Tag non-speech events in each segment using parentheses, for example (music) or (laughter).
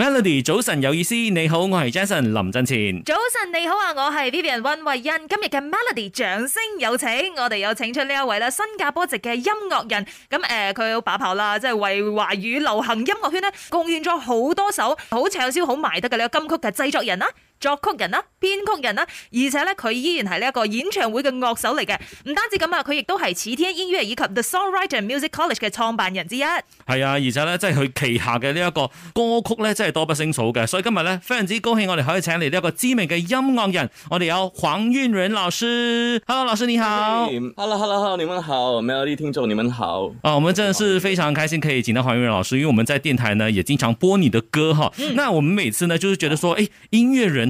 Melody，早晨有意思，你好，我係 Jason 林振前。早晨你好啊，我係 Vivian 溫慧欣。今日嘅 Melody 掌聲有請，我哋有請出呢一位啦，新加坡籍嘅音樂人，咁誒佢好把炮啦，即、呃、係、就是、為華語流行音樂圈呢貢獻咗好多首好暢銷好賣得嘅呢個金曲嘅製作人啦、啊。作曲人啦、啊、編曲人啦、啊，而且咧佢依然係呢一個演唱會嘅樂手嚟嘅。唔單止咁啊，佢亦都係始天音樂以及 The Songwriter Music College 嘅創辦人之一。係啊，而且咧即係佢旗下嘅呢一個歌曲咧真係多不勝數嘅。所以今日咧非常之高興，我哋可以請嚟呢一個知名嘅音樂人，我哋有黃韻仁老師。Hello，老師你好。Hello，Hello，Hello，你們好。Melody，聽眾你們好。啊，我們真的是非常開心可以請到黃韻仁老師，因為我們在電台呢也經常播你的歌嗬、嗯，那我們每次呢就是覺得說，誒、欸、音樂人。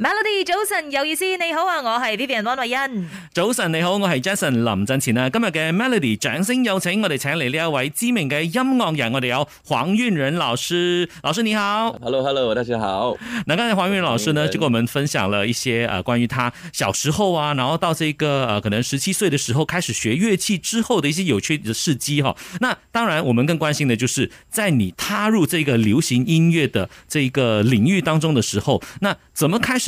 Melody 早晨有意思，你好啊，我係 Vivian 溫慧欣。早晨你好，我係 Jason 林振前啊。今日嘅 Melody 掌聲有請，我哋請嚟呢一位知名嘅音樂人，我哋有黃韻仁老師。老師你好，Hello Hello，大家好。嗱，剛才黃韻仁老師呢就跟我們分享了一些啊關於他小時候啊，然後到這個可能十七歲的時候開始學樂器之後的一些有趣的事跡哈、啊。那當然，我們更關心的就是在你踏入這個流行音樂的這一個領域當中的時候，那怎麼開始？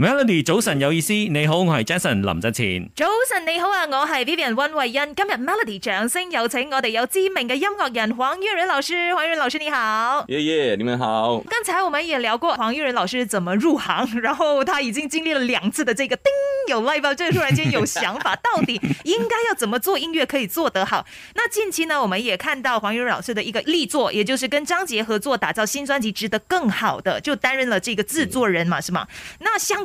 Melody 早晨有意思，你好，我係 Jason 林澤前。早晨你好啊，我係 Vivian 溫慧欣。今日 Melody 掌聲有請我哋有知名嘅音樂人黃韻仁老師，黃韻仁老師你好。耶耶，你們好。剛才我們也聊過黃韻仁老師怎麼入行，然後他已經經歷了兩次的這個叮有 live，就突然間有想法，到底應該要怎麼做音樂可以做得好。 (laughs) 那近期呢，我們也看到黃韻仁老師的一個力作，也就是跟張杰合作打造新專輯《值得更好的》，就擔任了這個製作人嘛，是嘛？ (laughs) 那相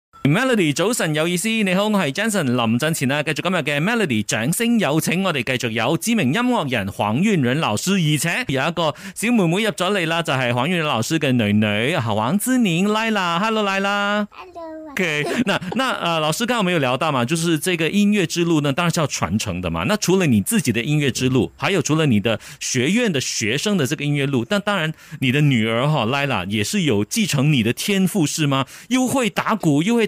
Melody 早晨有意思，你好，我係 Jenson 林振前啦。繼續今日嘅 Melody 掌聲有請，我哋繼續有知名音樂人黃韻仁老師，而且有一個小妹妹入咗嚟啦，就係、是、黃韻仁老師嘅女女黃之年 Lila，Hello Lila，OK、okay. Hello 嗱、呃、嗱誒，老師剛才有聊到嘛，就是這個音樂之路呢，當然是要傳承的嘛。那除了你自己的音樂之路，還有除了你的學院的學生的這個音樂路，但當然你的女兒哈 Lila 也是有繼承你的天賦，是嗎？又會打鼓，又會，